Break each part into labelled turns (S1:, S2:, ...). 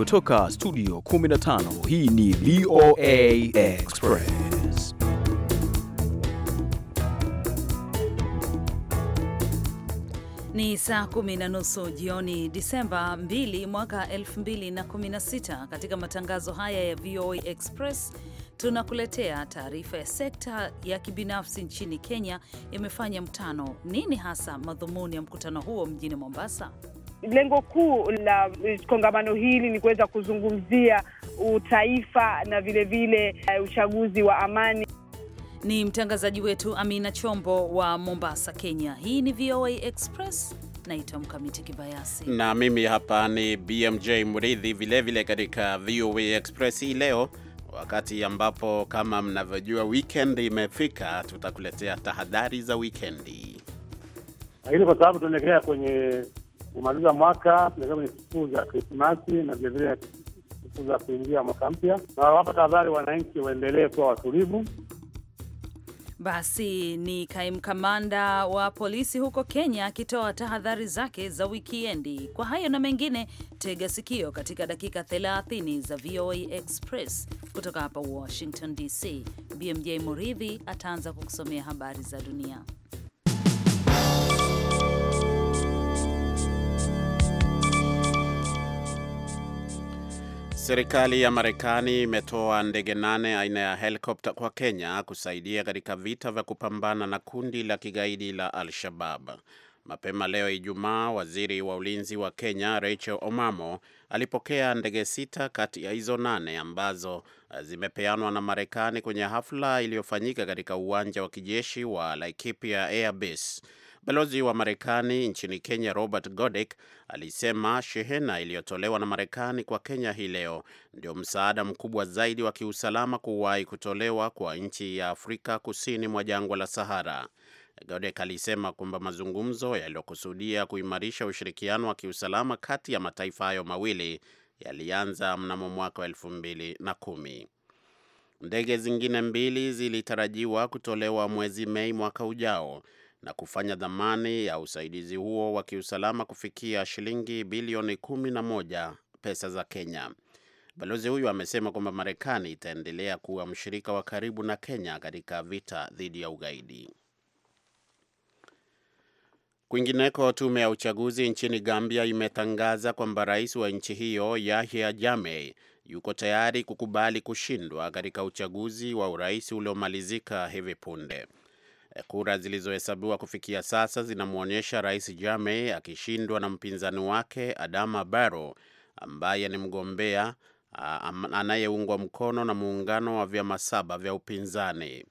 S1: kutoka studio 15 hii ni VOA Express.
S2: Ni saa kumi na nusu jioni Disemba 2 mwaka 2016. Katika matangazo haya ya VOA Express tunakuletea taarifa ya sekta ya kibinafsi nchini Kenya imefanya mtano Nini hasa madhumuni ya mkutano huo mjini Mombasa?
S3: lengo kuu la eh, kongamano hili ni kuweza kuzungumzia utaifa na vilevile vile eh, uchaguzi wa amani.
S2: Ni mtangazaji wetu Amina Chombo wa Mombasa, Kenya. Hii ni VOA Express. Naitwa Mkamiti
S4: Kibayasi
S1: na mimi hapa ni BMJ mridhi vilevile katika VOA Express hii leo, wakati ambapo kama mnavyojua wikendi imefika, tutakuletea tahadhari za wikendi,
S5: lakini kwa sababu tunaelekea kwenye kumaliza mwaka, tunaelekea kwenye sikukuu za Krismasi na vilevile sikukuu za kuingia mwaka mpya, na tahadhari wananchi waendelee kuwa watulivu.
S2: Basi ni kaimu kamanda wa polisi huko Kenya akitoa tahadhari zake za wikiendi. Kwa hayo na mengine, tega sikio katika dakika 30 za VOA Express kutoka hapa Washington DC. BMJ Muridhi ataanza kukusomea habari za dunia.
S1: Serikali ya Marekani imetoa ndege nane aina ya helikopta kwa Kenya kusaidia katika vita vya kupambana na kundi la kigaidi la Al-Shabab. Mapema leo Ijumaa, waziri wa ulinzi wa Kenya Rachel Omamo alipokea ndege sita kati ya hizo nane ambazo eh, zimepeanwa na Marekani kwenye hafla iliyofanyika katika uwanja wa kijeshi wa Laikipia Air Base. Balozi wa Marekani nchini Kenya Robert Godek alisema shehena iliyotolewa na Marekani kwa Kenya hii leo ndio msaada mkubwa zaidi wa kiusalama kuwahi kutolewa kwa nchi ya Afrika kusini mwa jangwa la Sahara. Godek alisema kwamba mazungumzo yaliyokusudia kuimarisha ushirikiano wa kiusalama kati ya mataifa hayo mawili yalianza mnamo mwaka wa elfu mbili na kumi. Ndege zingine mbili zilitarajiwa kutolewa mwezi Mei mwaka ujao na kufanya dhamani ya usaidizi huo wa kiusalama kufikia shilingi bilioni kumi na moja pesa za Kenya. Balozi huyu amesema kwamba Marekani itaendelea kuwa mshirika wa karibu na Kenya katika vita dhidi ya ugaidi. Kwingineko, tume ya uchaguzi nchini Gambia imetangaza kwamba rais wa nchi hiyo Yahya Jammeh yuko tayari kukubali kushindwa katika uchaguzi wa urais uliomalizika hivi punde. Kura zilizohesabiwa kufikia sasa zinamwonyesha Rais Jammeh akishindwa na mpinzani wake Adama Barrow ambaye ni mgombea anayeungwa mkono na muungano wa vyama saba vya upinzani.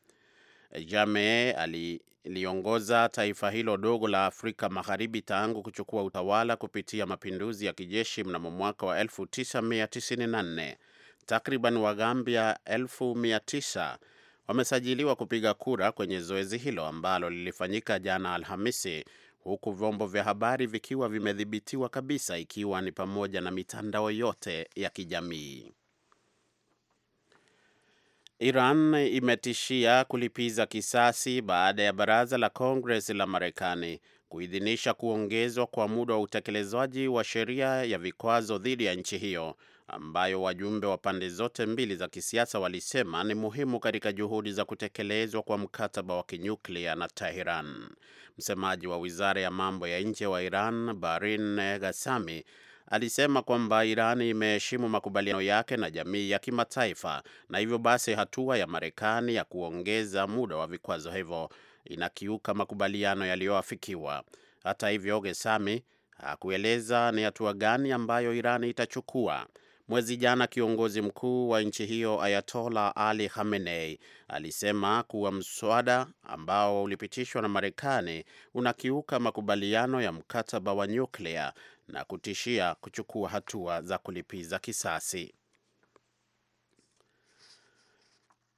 S1: Jammeh aliliongoza taifa hilo dogo la Afrika Magharibi tangu kuchukua utawala kupitia mapinduzi ya kijeshi mnamo mwaka wa 1994. Takriban Wagambia 900,000 wamesajiliwa kupiga kura kwenye zoezi hilo ambalo lilifanyika jana Alhamisi, huku vyombo vya habari vikiwa vimedhibitiwa kabisa, ikiwa ni pamoja na mitandao yote ya kijamii. Iran imetishia kulipiza kisasi baada ya baraza la Congress la Marekani kuidhinisha kuongezwa kwa muda wa utekelezaji wa sheria ya vikwazo dhidi ya nchi hiyo ambayo wajumbe wa pande zote mbili za kisiasa walisema ni muhimu katika juhudi za kutekelezwa kwa mkataba wa kinyuklia na Tehran. Msemaji wa wizara ya mambo ya nje wa Iran, Barin Ghasami, alisema kwamba Iran imeheshimu makubaliano yake na jamii ya kimataifa na hivyo basi hatua ya Marekani ya kuongeza muda wa vikwazo hivyo inakiuka makubaliano yaliyoafikiwa. Hata hivyo, Gesami hakueleza ni hatua gani ambayo Irani itachukua. Mwezi jana kiongozi mkuu wa nchi hiyo Ayatola Ali Khamenei alisema kuwa mswada ambao ulipitishwa na Marekani unakiuka makubaliano ya mkataba wa nyuklia na kutishia kuchukua hatua za kulipiza kisasi.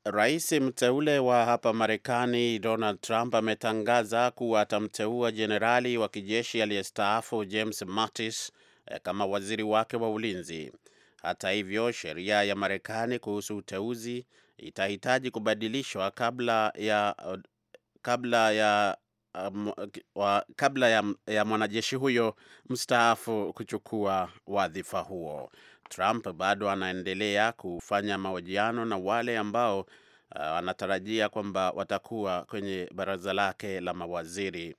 S1: Rais mteule wa hapa Marekani Donald Trump ametangaza kuwa atamteua jenerali wa kijeshi aliyestaafu James Mattis eh, kama waziri wake wa ulinzi. Hata hivyo, sheria ya Marekani kuhusu uteuzi itahitaji kubadilishwa kabla ya kabla ya um, wa, kabla ya, ya mwanajeshi huyo mstaafu kuchukua wadhifa huo. Trump bado anaendelea kufanya mahojiano na wale ambao uh, anatarajia kwamba watakuwa kwenye baraza lake la mawaziri.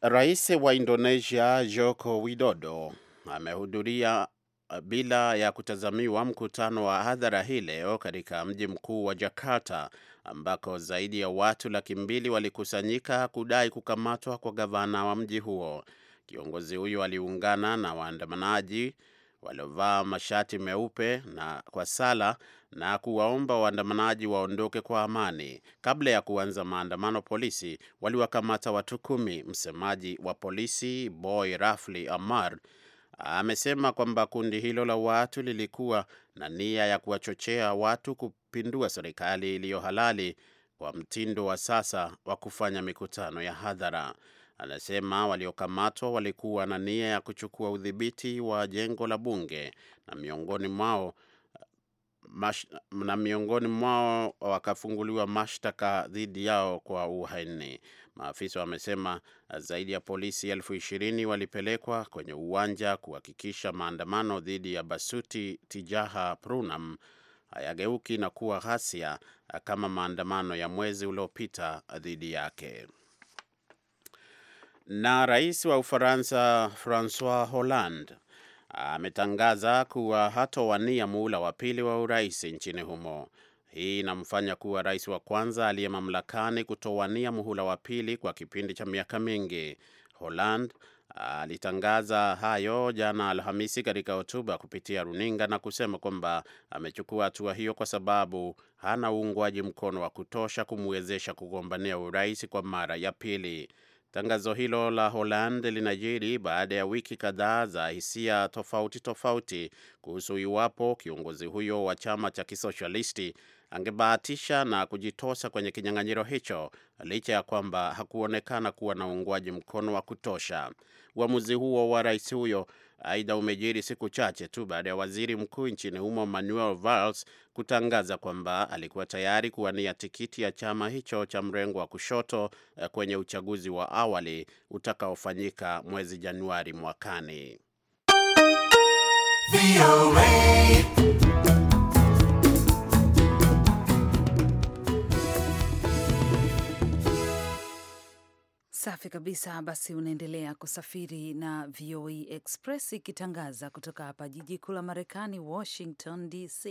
S1: Rais wa Indonesia Joko Widodo amehudhuria uh, bila ya kutazamiwa mkutano wa hadhara hii leo katika mji mkuu wa Jakarta ambako zaidi ya watu laki mbili walikusanyika kudai kukamatwa kwa gavana wa mji huo. Kiongozi huyo aliungana na waandamanaji waliovaa mashati meupe na kwa sala na kuwaomba waandamanaji waondoke kwa amani. Kabla ya kuanza maandamano, polisi waliwakamata watu kumi. Msemaji wa polisi Boy Rafli Amar amesema kwamba kundi hilo la watu lilikuwa na nia ya kuwachochea watu kupindua serikali iliyo halali kwa mtindo wa sasa wa kufanya mikutano ya hadhara anasema waliokamatwa walikuwa na nia ya kuchukua udhibiti wa jengo la bunge na miongoni mwao mash, na miongoni mwao wakafunguliwa mashtaka dhidi yao kwa uhaini. Maafisa wamesema zaidi ya polisi elfu ishirini walipelekwa kwenye uwanja kuhakikisha maandamano dhidi ya Basuti Tijaha Prunam hayageuki na kuwa ghasia kama maandamano ya mwezi uliopita dhidi yake. Na rais wa Ufaransa Francois Hollande ametangaza kuwa hatowania muhula wa pili wa urais nchini humo. Hii inamfanya kuwa rais wa kwanza aliye mamlakani kutowania muhula wa pili kwa kipindi cha miaka mingi. Hollande alitangaza hayo jana Alhamisi katika hotuba kupitia runinga na kusema kwamba amechukua hatua hiyo kwa sababu hana uungwaji mkono wa kutosha kumwezesha kugombania urais kwa mara ya pili. Tangazo hilo la Holand linajiri baada ya wiki kadhaa za hisia tofauti tofauti kuhusu iwapo kiongozi huyo wa chama cha kisoshalisti angebahatisha na kujitosa kwenye kinyang'anyiro hicho licha ya kwamba hakuonekana kuwa na uungwaji mkono wa kutosha. Uamuzi huo wa rais huyo aidha umejiri siku chache tu baada ya waziri mkuu nchini humo Manuel Valls kutangaza kwamba alikuwa tayari kuwania tikiti ya chama hicho cha mrengo wa kushoto eh, kwenye uchaguzi wa awali utakaofanyika mwezi Januari mwakani.
S2: Safi kabisa. Basi unaendelea kusafiri na VOA e Express ikitangaza kutoka hapa jiji kuu la Marekani, Washington DC.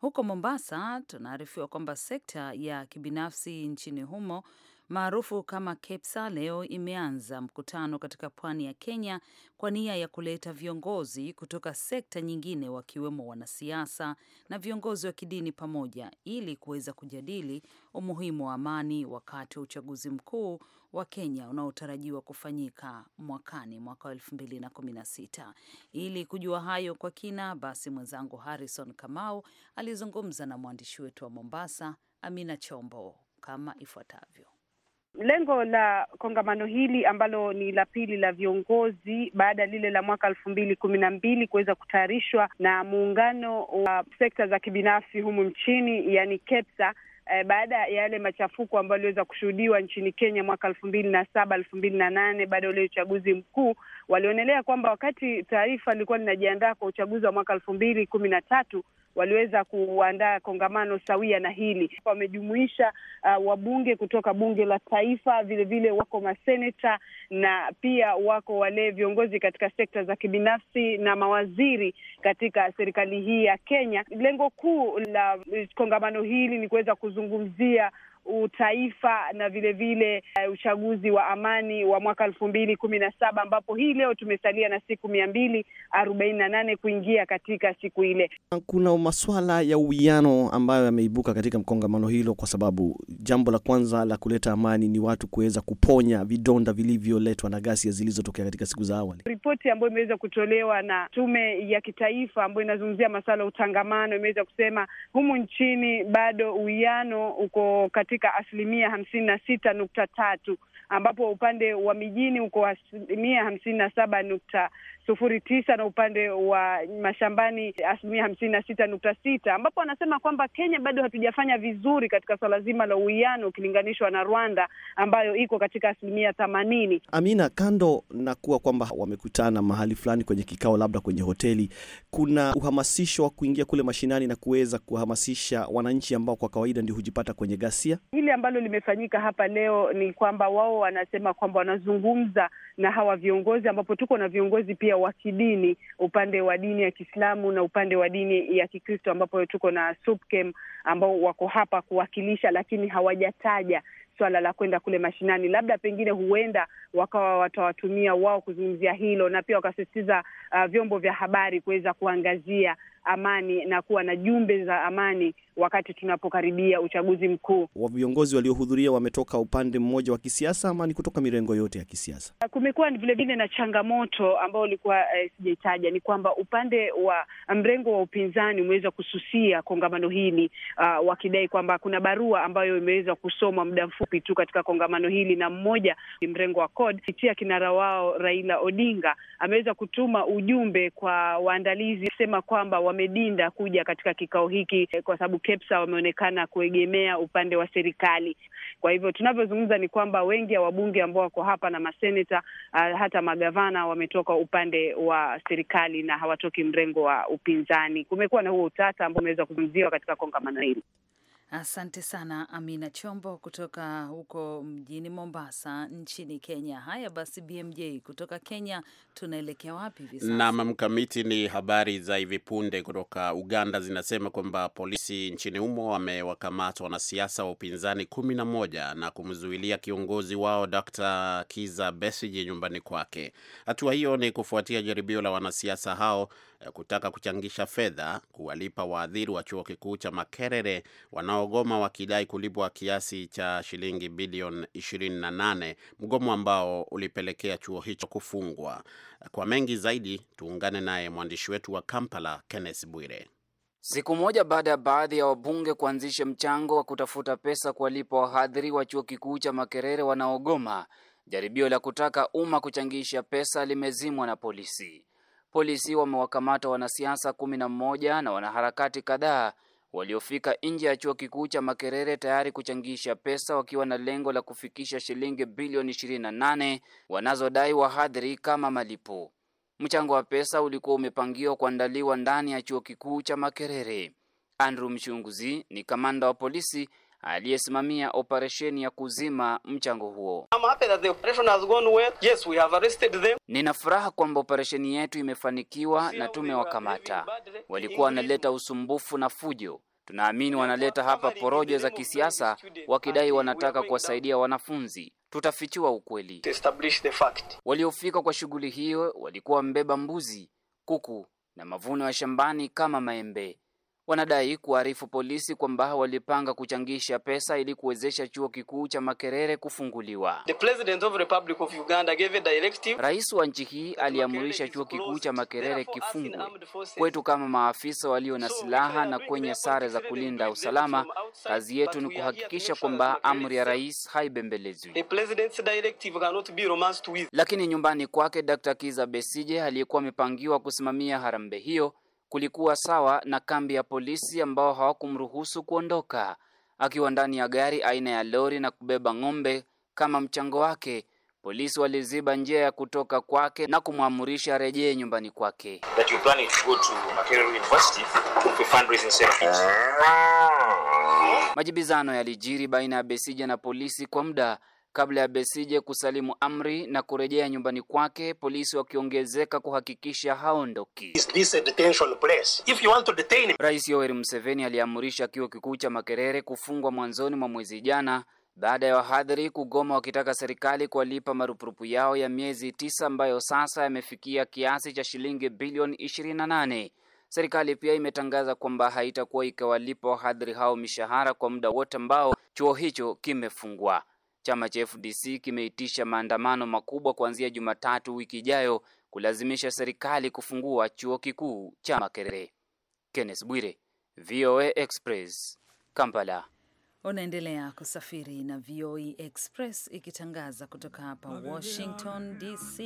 S2: Huko Mombasa tunaarifiwa kwamba sekta ya kibinafsi nchini humo maarufu kama KEPSA leo imeanza mkutano katika pwani ya Kenya kwa nia ya kuleta viongozi kutoka sekta nyingine wakiwemo wanasiasa na viongozi wa kidini pamoja ili kuweza kujadili umuhimu wa amani wakati wa uchaguzi mkuu wa Kenya unaotarajiwa kufanyika mwakani mwaka wa 2016. Ili kujua hayo kwa kina, basi mwenzangu Harrison Kamau alizungumza na mwandishi wetu wa Mombasa, Amina Chombo, kama ifuatavyo.
S3: Lengo la kongamano hili ambalo ni la pili la viongozi baada ya lile la mwaka elfu mbili kumi na mbili kuweza kutayarishwa na muungano wa sekta za kibinafsi humu nchini, yani KEPSA eh, baada ya yale machafuko ambayo aliweza kushuhudiwa nchini Kenya mwaka elfu mbili na saba elfu mbili na nane baada ya ule uchaguzi mkuu, walionelea kwamba wakati taifa lilikuwa linajiandaa kwa uchaguzi wa mwaka elfu mbili kumi na tatu waliweza kuandaa kongamano sawia na hili. Wamejumuisha uh, wabunge kutoka bunge la taifa, vilevile wako maseneta na pia wako wale viongozi katika sekta za kibinafsi na mawaziri katika serikali hii ya Kenya. Lengo kuu la kongamano hili ni kuweza kuzungumzia utaifa na vilevile vile, uh, uchaguzi wa amani wa mwaka elfu mbili kumi na saba ambapo hii leo tumesalia na siku mia mbili arobaini na nane kuingia katika siku ile.
S1: Kuna maswala ya uwiano ambayo yameibuka katika mkongamano hilo, kwa sababu jambo la kwanza la kuleta amani ni watu kuweza kuponya vidonda vilivyoletwa na ghasia zilizotokea katika siku za awali.
S3: Ripoti ambayo imeweza kutolewa na tume ya kitaifa ambayo inazungumzia masuala ya utangamano imeweza kusema humu nchini bado uwiano uko katika katika asilimia hamsini na sita nukta tatu ambapo upande wa mijini uko asilimia hamsini na saba nukta sufuri tisa na upande wa mashambani asilimia hamsini na sita nukta sita ambapo wanasema kwamba Kenya bado hatujafanya vizuri katika swala zima la uwiano ukilinganishwa na Rwanda ambayo iko katika asilimia themanini.
S1: Amina, kando na kuwa kwamba wamekutana mahali fulani kwenye kikao, labda kwenye hoteli, kuna uhamasisho wa kuingia kule mashinani na kuweza kuhamasisha wananchi ambao kwa kawaida ndio hujipata kwenye ghasia.
S3: Hili ambalo limefanyika hapa leo ni kwamba wao wanasema kwamba wanazungumza na hawa viongozi, ambapo tuko na viongozi pia wa kidini, upande wa dini ya Kiislamu na upande wa dini ya Kikristo, ambapo tuko na SUPKEM ambao wako hapa kuwakilisha, lakini hawajataja swala la kwenda kule mashinani, labda pengine huenda wakawa watawatumia wao kuzungumzia hilo, na pia wakasisitiza uh, vyombo vya habari kuweza kuangazia amani na kuwa na jumbe za amani wakati tunapokaribia uchaguzi
S6: mkuu. Viongozi waliohudhuria wametoka upande mmoja wa kisiasa ama ni kutoka mirengo yote ya kisiasa?
S3: Uh, kumekuwa vilevile na changamoto ambayo ilikuwa eh, sijaitaja, ni kwamba upande wa uh, mrengo wa upinzani umeweza kususia kongamano hili uh, wakidai kwamba kuna barua ambayo imeweza kusomwa muda mfupi tu katika kongamano hili, na mmoja mrengo wa CORD kupitia kinara wao Raila Odinga ameweza kutuma ujumbe kwa waandalizi kusema kwamba wame wamedinda kuja katika kikao hiki eh, kwa sababu KEPSA wameonekana kuegemea upande wa serikali. Kwa hivyo tunavyozungumza ni kwamba wengi ya wabunge ambao wako hapa na maseneta uh, hata magavana wametoka upande wa serikali na hawatoki mrengo wa upinzani. Kumekuwa na huo utata ambao umeweza kuzungumziwa katika kongamano hili.
S2: Asante sana Amina Chombo kutoka huko mjini Mombasa nchini Kenya. Haya basi, BMJ kutoka Kenya, tunaelekea wapi hivi sasa? Naam,
S1: mkamiti ni habari za hivi punde kutoka Uganda zinasema kwamba polisi nchini humo wamewakamata wanasiasa wa upinzani kumi na moja na kumzuilia kiongozi wao Dr. Kiza Besige nyumbani kwake. Hatua hiyo ni kufuatia jaribio la wanasiasa hao eh, kutaka kuchangisha fedha kuwalipa waadhiri wa chuo kikuu cha Makerere wanao wanaogoma wakidai kulipwa kiasi cha shilingi bilioni 28, mgomo ambao ulipelekea chuo hicho kufungwa. Kwa mengi zaidi, tuungane naye mwandishi wetu wa Kampala, Kenneth Bwire.
S7: Siku moja baada ya baadhi ya wabunge kuanzisha mchango wa kutafuta pesa kuwalipa wahadhiri wa chuo kikuu cha Makerere wanaogoma, jaribio la kutaka umma kuchangisha pesa limezimwa na polisi. Polisi wamewakamata wanasiasa kumi na mmoja na wanaharakati kadhaa waliofika nje ya chuo kikuu cha Makerere tayari kuchangisha pesa wakiwa na lengo la kufikisha shilingi bilioni 28 wanazodai wahadhiri kama malipo. Mchango wa pesa ulikuwa umepangiwa kuandaliwa ndani ya chuo kikuu cha Makerere. Andrew mchunguzi ni kamanda wa polisi aliyesimamia operesheni ya kuzima mchango huo. nina furaha kwamba operesheni yetu imefanikiwa na tumewakamata. Walikuwa wanaleta usumbufu na fujo Tunaamini wanaleta hapa porojo za kisiasa, wakidai wanataka kuwasaidia wanafunzi. Tutafichua ukweli. Waliofika kwa shughuli hiyo walikuwa wamebeba mbuzi, kuku na mavuno ya shambani kama maembe wanadai kuarifu polisi kwamba walipanga kuchangisha pesa ili kuwezesha chuo kikuu cha Makerere kufunguliwa. The President of Republic of Uganda gave a directive. Rais wa nchi hii aliamrisha chuo kikuu cha Makerere kifungwe. Kwetu kama maafisa walio na silaha na kwenye sare za kulinda usalama, kazi yetu ni kuhakikisha kwamba amri ya rais haibembelezwi. The President's directive cannot be romanced with. Lakini nyumbani kwake Dr. Kiza Besije aliyekuwa amepangiwa kusimamia harambee hiyo kulikuwa sawa na kambi ya polisi ambao hawakumruhusu kuondoka. Akiwa ndani ya gari aina ya lori na kubeba ng'ombe kama mchango wake, polisi waliziba njia ya kutoka kwake na kumwamurisha rejee nyumbani kwake. Majibizano yalijiri baina ya besija na polisi kwa muda Kabla ya Besije kusalimu amri na kurejea nyumbani kwake, polisi wakiongezeka kuhakikisha haondoki. Rais Yoweri Museveni aliamrisha kiuo kikuu cha Makerere kufungwa mwanzoni mwa mwezi jana baada ya wahadhiri kugoma wakitaka serikali kuwalipa marupurupu yao ya miezi tisa ambayo sasa yamefikia kiasi cha shilingi bilioni 28. Serikali pia imetangaza kwamba haitakuwa ikawalipa wahadhiri hao mishahara kwa muda wote ambao chuo hicho kimefungwa. Chama cha FDC kimeitisha maandamano makubwa kuanzia Jumatatu wiki ijayo kulazimisha serikali kufungua chuo kikuu cha Makerere. Kenneth Bwire, VOA Express, Kampala.
S2: Unaendelea kusafiri na VOA Express ikitangaza kutoka hapa Washington DC.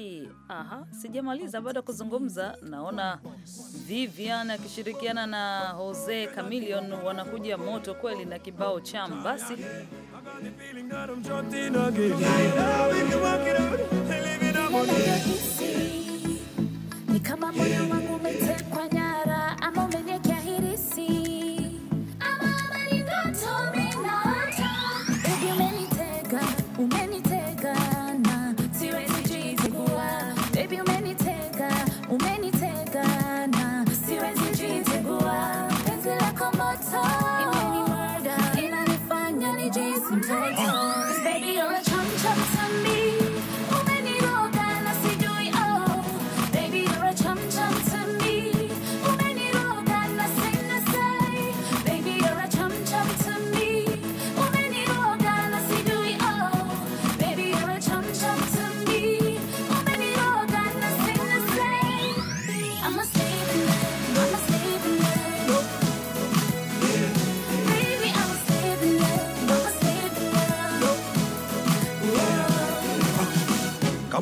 S2: Aha, sijamaliza bado kuzungumza. Naona Vivian akishirikiana na Jose Camilion wanakuja moto kweli na kibao cham. Basi I got the
S5: feeling that I'm trapped in Now we can work it out.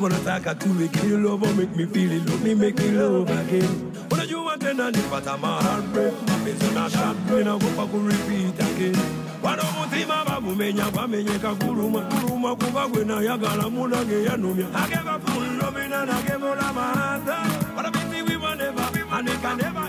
S5: wanna talk a cool wicked
S6: love and make me feel it, love me, make me love again. What do you want and I need but I'm a heartbreak, my face on a shot, when I go back and repeat again. Wano mutima babumenya bamenyeka kuluma kuluma kuba gwe nayagala i yanumya a full loving and akebola mahata but I bet we will never and it can never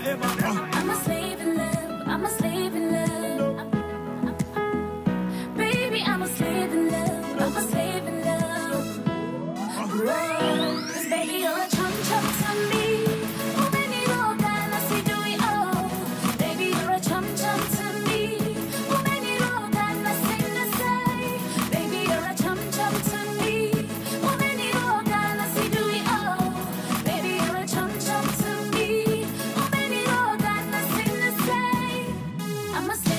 S4: I'm a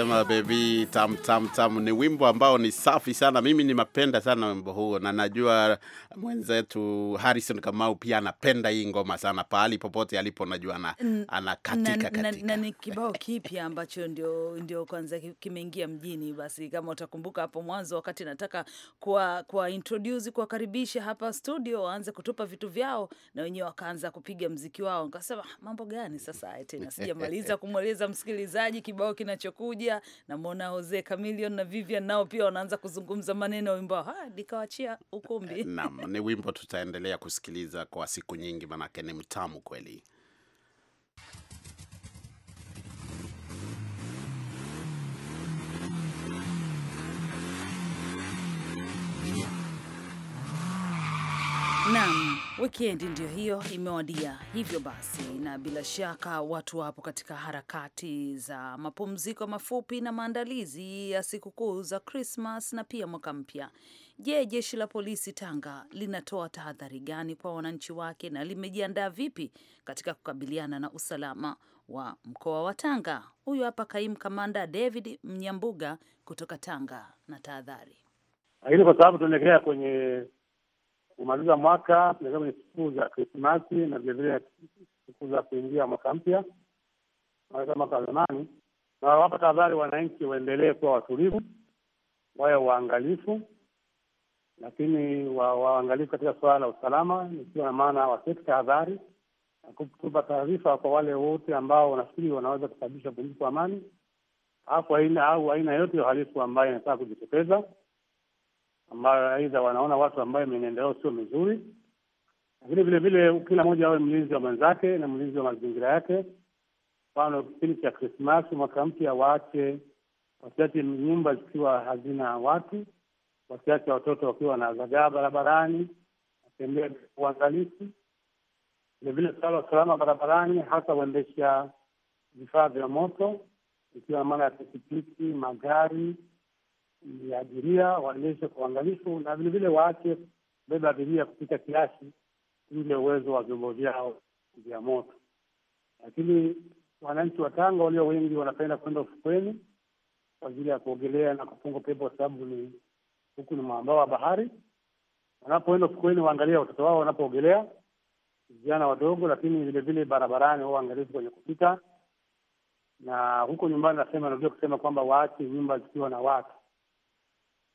S1: anasema bebi tam tam tam. Ni wimbo ambao ni safi sana, mimi nimapenda sana wimbo huo, na najua mwenzetu Harrison Kamau pia anapenda hii ngoma sana, pahali popote alipo najua na, anakatika katika
S2: na, na, na ni kibao kipya ambacho ndio, ndio kwanza kimeingia mjini. Basi kama utakumbuka hapo mwanzo, wakati nataka kuwa, kuwa introduce kuwakaribisha hapa studio, waanze kutupa vitu vyao na wenyewe wakaanza kupiga mziki wao, nikasema ah, mambo gani sasa tena, sijamaliza kumweleza msikilizaji kibao kinachokuja pia namwona Jose Chameleone na Vivian nao pia wanaanza kuzungumza maneno wimbo wimbo ah, nikawachia ukumbi. Eh, naam,
S1: ni wimbo tutaendelea kusikiliza kwa siku nyingi, manake ni mtamu kweli.
S2: Naam. Wikendi ndiyo hiyo imewadia, hivyo basi, na bila shaka watu wapo katika harakati za mapumziko mafupi na maandalizi ya sikukuu za Krismas na pia mwaka mpya. Je, jeshi la polisi Tanga linatoa tahadhari gani kwa wananchi wake na limejiandaa vipi katika kukabiliana na usalama wa mkoa wa Tanga? Huyu hapa kaimu kamanda David Mnyambuga kutoka Tanga na tahadhari.
S5: Lakini kwa sababu tunaelekea kwenye kumaliza mwaka, tunaingia ni sikukuu za Krismasi na vilevile sikukuu za kuingia mwaka mpya, kumaliza mwaka wa zamani, na wawapa tahadhari wananchi waendelee kuwa watulivu, wawe waangalifu, lakini waangalifu katika suala la usalama, ikiwa na maana waseti tahadhari na kutupa taarifa kwa wale wote ambao wanafikiri wanaweza kusababisha uvunjifu wa amani au aina yote ya uhalifu ambayo inataka kujitokeza ambayo aidha wanaona watu ambayo mienendo yao sio mizuri, lakini vile vile kila mmoja awe mlinzi wa mwenzake na mlinzi wa mazingira yake. Mfano, kipindi cha Krismasi, mwaka mpya, waache wasiache nyumba zikiwa hazina watu, wasiache watoto wakiwa zagaa barabarani, watembea uangalifu. Vilevile suala la usalama barabarani, hasa waendesha vifaa vya moto, ikiwa maana ya pikipiki, magari abiria waendeshe kwa uangalifu na vilevile waache kubeba abiria kupita kiasi ile uwezo wa vyombo vyao vya moto. Lakini wananchi wa Tanga walio wengi wanapenda kwenda ufukweni kwa ajili ya kuogelea na kupunga pepo, kwa sababu ni huku ni mwambao wa bahari. Wanapoenda ufukweni, waangalia watoto wao wanapoogelea, vijana wadogo, lakini vilevile barabarani, wao waangalifu kwenye kupita. Na huko nyumbani, nasema narudia kusema kwamba waache nyumba zikiwa na watu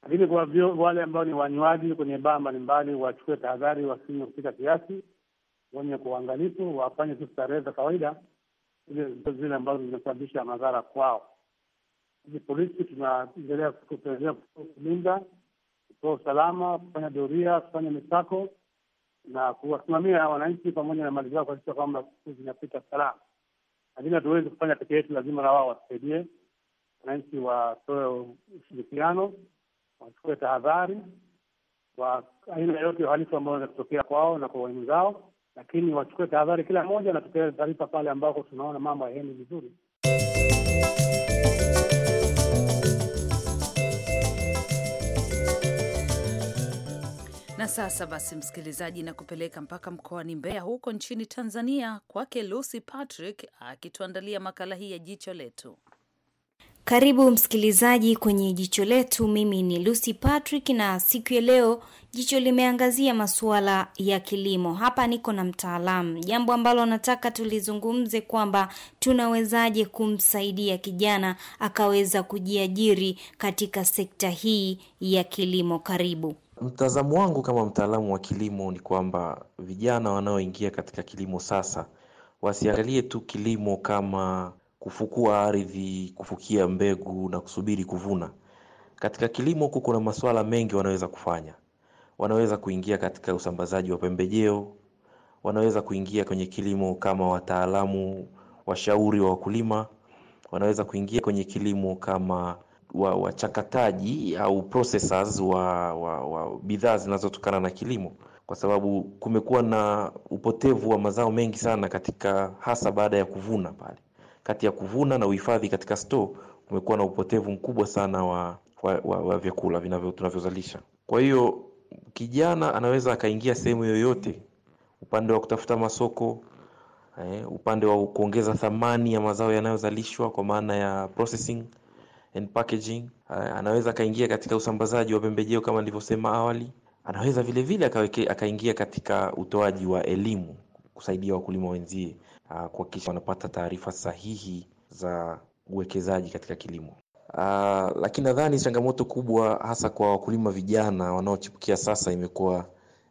S5: lakini kwa wale ambao ni wanywaji kwenye baa mbalimbali, wachukue tahadhari, wasinywe kupita kiasi, wenye kwa uangalifu, wafanye tu starehe za kawaida zile ambazo zinasababisha madhara kwao. Sisi polisi tunaendelea kulinda, kutoa usalama, kufanya doria, kufanya misako na kuwasimamia wananchi pamoja na mali zao kuhakikisha kwamba zinapita salama, lakini hatuwezi kufanya peke yetu, lazima na wao wasaidie Wananchi watoe ushirikiano wachukue tahadhari kwa aina yote ya uhalifu ambayo inaweza kutokea kwao na kwa zao lakini wachukue tahadhari kila mmoja na tupee taarifa pale ambako tunaona mambo hayaendi vizuri.
S2: Na sasa basi, msikilizaji, na kupeleka mpaka mkoani Mbeya huko nchini Tanzania, kwake Lucy Patrick akituandalia makala hii ya jicho letu.
S8: Karibu msikilizaji kwenye jicho letu. Mimi ni Lucy Patrick na siku ya leo jicho limeangazia masuala ya kilimo. Hapa niko na mtaalamu, jambo ambalo nataka tulizungumze kwamba tunawezaje kumsaidia kijana akaweza kujiajiri katika sekta hii ya kilimo. Karibu.
S6: Mtazamo wangu kama mtaalamu wa kilimo ni kwamba vijana wanaoingia katika kilimo sasa wasiangalie tu kilimo kama kufukua ardhi, kufukia mbegu na kusubiri kuvuna. Katika kilimo huku kuna masuala mengi wanaweza kufanya. Wanaweza kuingia katika usambazaji wa pembejeo, wanaweza kuingia kwenye kilimo kama wataalamu washauri wa wakulima, wanaweza kuingia kwenye kilimo kama wachakataji au processors wa, wa, wa bidhaa zinazotokana na kilimo, kwa sababu kumekuwa na upotevu wa mazao mengi sana katika hasa baada ya kuvuna pale kati ya kuvuna na uhifadhi katika store kumekuwa na upotevu mkubwa sana wa, wa, wa, wa vyakula vinavyo tunavyozalisha. Kwa hiyo kijana anaweza akaingia sehemu yoyote, upande wa kutafuta masoko eh, upande wa kuongeza thamani ya mazao yanayozalishwa kwa maana ya processing and packaging. Eh, anaweza akaingia katika usambazaji wa pembejeo kama nilivyosema awali. Anaweza vilevile akaingia katika utoaji wa elimu kusaidia wakulima wenzie Ah, kuhakikisha wanapata taarifa sahihi za uwekezaji katika kilimo. Uh, lakini nadhani changamoto kubwa hasa kwa wakulima vijana wanaochipukia sasa imekuwa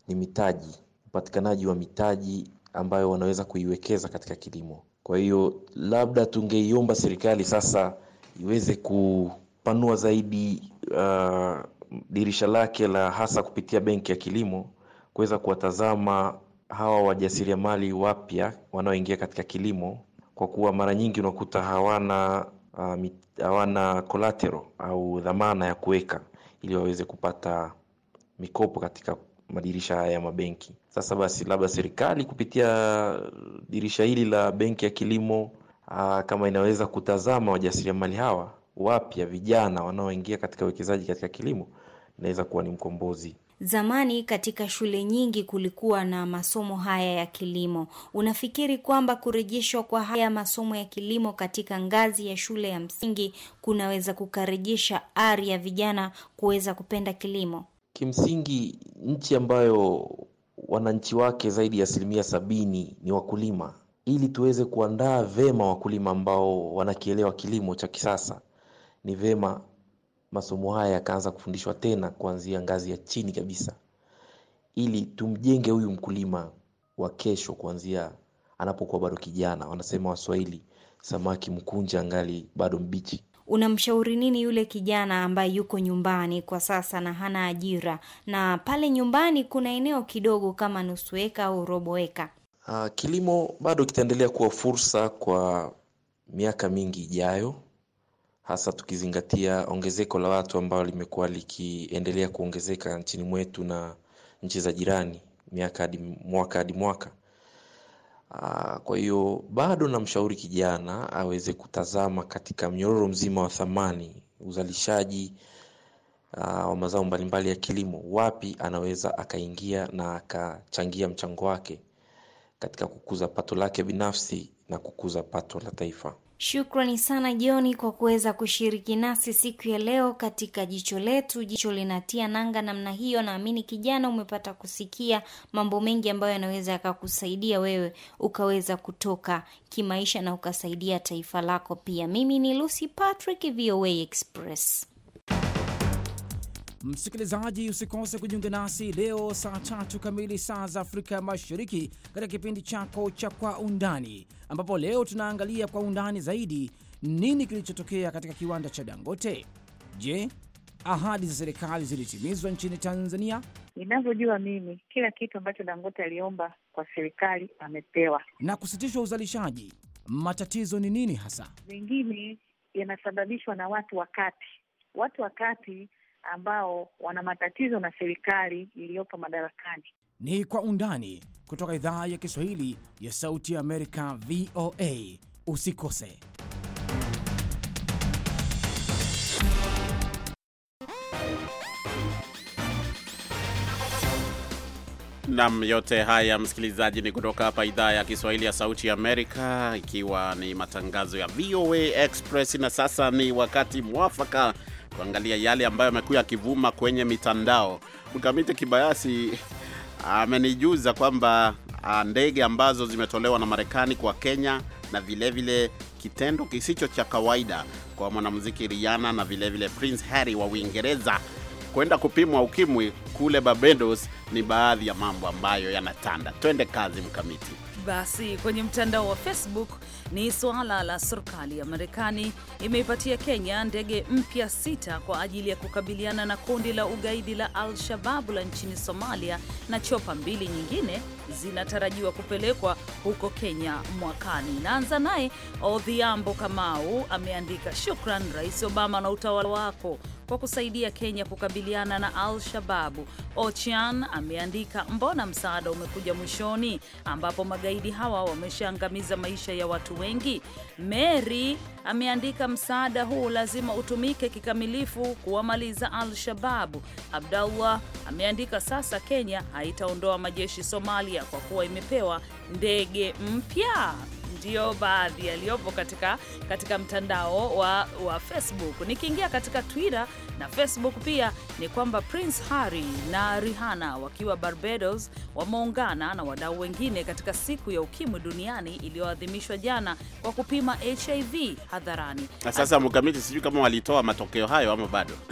S6: ni mitaji, upatikanaji wa mitaji ambayo wanaweza kuiwekeza katika kilimo. Kwa hiyo labda tungeiomba serikali sasa iweze kupanua zaidi uh, dirisha lake la hasa kupitia benki ya kilimo kuweza kuwatazama hawa wajasiriamali wapya wanaoingia katika kilimo, kwa kuwa mara nyingi unakuta hawana uh, mit, hawana collateral au dhamana ya kuweka ili waweze kupata mikopo katika madirisha haya ya mabenki. Sasa basi, labda serikali kupitia dirisha hili la benki ya kilimo uh, kama inaweza kutazama wajasiriamali hawa wapya vijana wanaoingia katika uwekezaji katika kilimo inaweza kuwa ni mkombozi
S8: Zamani katika shule nyingi kulikuwa na masomo haya ya kilimo. Unafikiri kwamba kurejeshwa kwa haya masomo ya kilimo katika ngazi ya shule ya msingi kunaweza kukarejesha ari ya vijana kuweza kupenda kilimo?
S6: Kimsingi, nchi ambayo wananchi wake zaidi ya asilimia sabini ni wakulima, ili tuweze kuandaa vema wakulima ambao wanakielewa kilimo cha kisasa, ni vema masomo haya yakaanza kufundishwa tena kuanzia ngazi ya chini kabisa, ili tumjenge huyu mkulima wa kesho kuanzia anapokuwa bado kijana. Wanasema Waswahili, samaki mkunja angali bado mbichi.
S8: Unamshauri nini yule kijana ambaye yuko nyumbani kwa sasa na hana ajira, na pale nyumbani kuna eneo kidogo kama nusu au robo
S6: ah, Kilimo bado kitaendelea kuwa fursa kwa miaka mingi ijayo, hasa tukizingatia ongezeko la watu ambao limekuwa likiendelea kuongezeka nchini mwetu na nchi za jirani miaka hadi mwaka hadi mwaka. Ah, kwa hiyo bado namshauri kijana aweze kutazama katika mnyororo mzima wa thamani, uzalishaji ah, wa mazao mbalimbali ya kilimo, wapi anaweza akaingia na akachangia mchango wake katika kukuza pato lake binafsi na kukuza pato la taifa.
S8: Shukrani sana Joni kwa kuweza kushiriki nasi siku ya leo katika jicho letu. Jicho linatia nanga namna hiyo. Naamini kijana, umepata kusikia mambo mengi ambayo yanaweza yakakusaidia wewe ukaweza kutoka kimaisha na ukasaidia taifa lako pia. Mimi ni Lucy Patrick, VOA Express.
S4: Msikilizaji,
S7: usikose kujiunga nasi leo saa tatu kamili saa za Afrika Mashariki katika kipindi chako cha Kwa Undani, ambapo leo tunaangalia kwa undani zaidi nini kilichotokea katika kiwanda cha Dangote. Je, ahadi za serikali zilitimizwa nchini Tanzania? Ninavyojua mimi, kila kitu ambacho Dangote aliomba kwa serikali amepewa. Na kusitishwa uzalishaji, matatizo ni nini hasa?
S3: Mengine yanasababishwa na watu wa kati, watu wa kati ambao wana matatizo
S7: na serikali iliyopo
S3: madarakani.
S7: Ni kwa undani kutoka idhaa ya Kiswahili ya Sauti ya Amerika, VOA. Usikose.
S1: Nam, yote haya msikilizaji, ni kutoka hapa idhaa ya Kiswahili ya Sauti Amerika, ikiwa ni matangazo ya VOA Express. Na sasa ni wakati mwafaka kuangalia yale ambayo amekuwa akivuma kwenye mitandao. Mkamiti Kibayasi amenijuza kwamba ah, ndege ambazo zimetolewa na Marekani kwa Kenya na vilevile vile kitendo kisicho cha kawaida kwa mwanamuziki Rihanna na vilevile vile Prince Harry wa Uingereza kwenda kupimwa ukimwi kule Barbados ni baadhi ya mambo ambayo yanatanda. Twende kazi Mkamiti.
S2: Basi kwenye mtandao wa Facebook ni suala la serikali ya Marekani imeipatia Kenya ndege mpya sita kwa ajili ya kukabiliana na kundi la ugaidi la Al-Shababu la nchini Somalia na chopa mbili nyingine zinatarajiwa kupelekwa huko Kenya mwakani. Naanza naye Odhiambo Kamau ameandika, shukran Rais Obama na utawala wako kwa kusaidia Kenya kukabiliana na Al-Shababu. Ochian ameandika, mbona msaada umekuja mwishoni ambapo magaidi hawa wameshaangamiza maisha ya watu wengi? Mary ameandika, msaada huu lazima utumike kikamilifu kuwamaliza Al-Shababu. Abdallah ameandika, sasa Kenya haitaondoa majeshi Somalia kwa kuwa imepewa ndege mpya ndiyo baadhi yaliyopo katika, katika mtandao wa, wa Facebook. Nikiingia katika Twitter na Facebook pia ni kwamba Prince Harry na Rihanna wakiwa Barbados wameungana na wadau wengine katika siku ya ukimwi duniani iliyoadhimishwa jana kwa kupima HIV hadharani. Na sasa
S1: mkamiti, sijui kama walitoa matokeo hayo ama bado.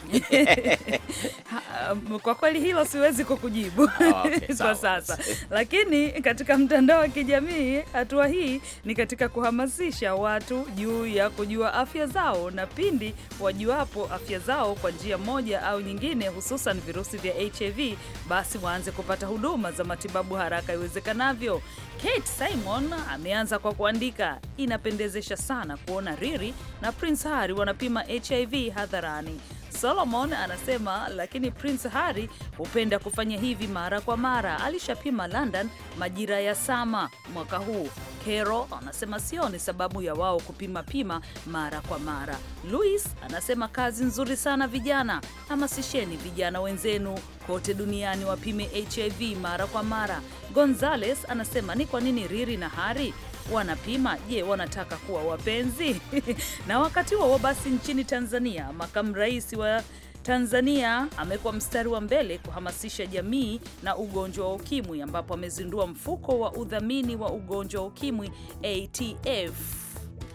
S2: Kwa kweli hilo siwezi kukujibu ah, kwa sasa, lakini katika mtandao wa kijamii hatua hii ni katika kuhamasisha watu juu ya kujua afya zao, na pindi wajuapo afya zao kwa njia moja au nyingine, hususan virusi vya HIV, basi waanze kupata huduma za matibabu haraka iwezekanavyo. Kate Simon ameanza kwa kuandika, inapendezesha sana kuona Riri na Prince Harry wanapima HIV hadharani. Solomon anasema lakini Prince Harry hupenda kufanya hivi mara kwa mara. Alishapima London majira ya sama mwaka huu, Kero anasema sio ni sababu ya wao kupima pima mara kwa mara. luis anasema kazi nzuri sana vijana, hamasisheni vijana wenzenu kote duniani wapime HIV mara kwa mara. Gonzales anasema ni kwa nini Riri na Hari wanapima? Je, wanataka kuwa wapenzi? na wakati huo basi, nchini Tanzania makamu rais wa Tanzania amekuwa mstari wa mbele kuhamasisha jamii na ugonjwa wa ukimwi, ambapo amezindua mfuko wa udhamini wa ugonjwa wa ukimwi ATF.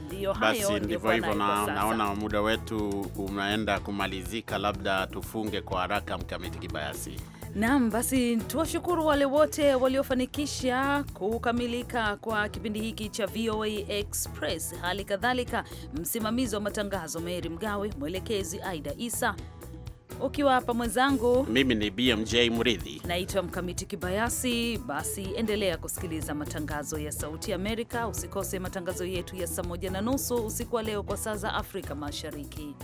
S2: Ndiyo, basi ndivyo hivyo na, naona
S1: muda wetu unaenda kumalizika, labda tufunge kwa haraka. Mkamiti Kibayasi.
S2: Naam, basi tuwashukuru wale wote waliofanikisha kukamilika kwa kipindi hiki cha VOA Express, hali kadhalika msimamizi wa matangazo Meri Mgawe, mwelekezi Aida Isa ukiwa hapa mwenzangu,
S1: mimi ni BMJ Mridhi,
S2: naitwa Mkamiti Kibayasi. Basi endelea kusikiliza matangazo ya Sauti Amerika. Usikose matangazo yetu ya saa moja na nusu usiku wa leo kwa saa za Afrika Mashariki.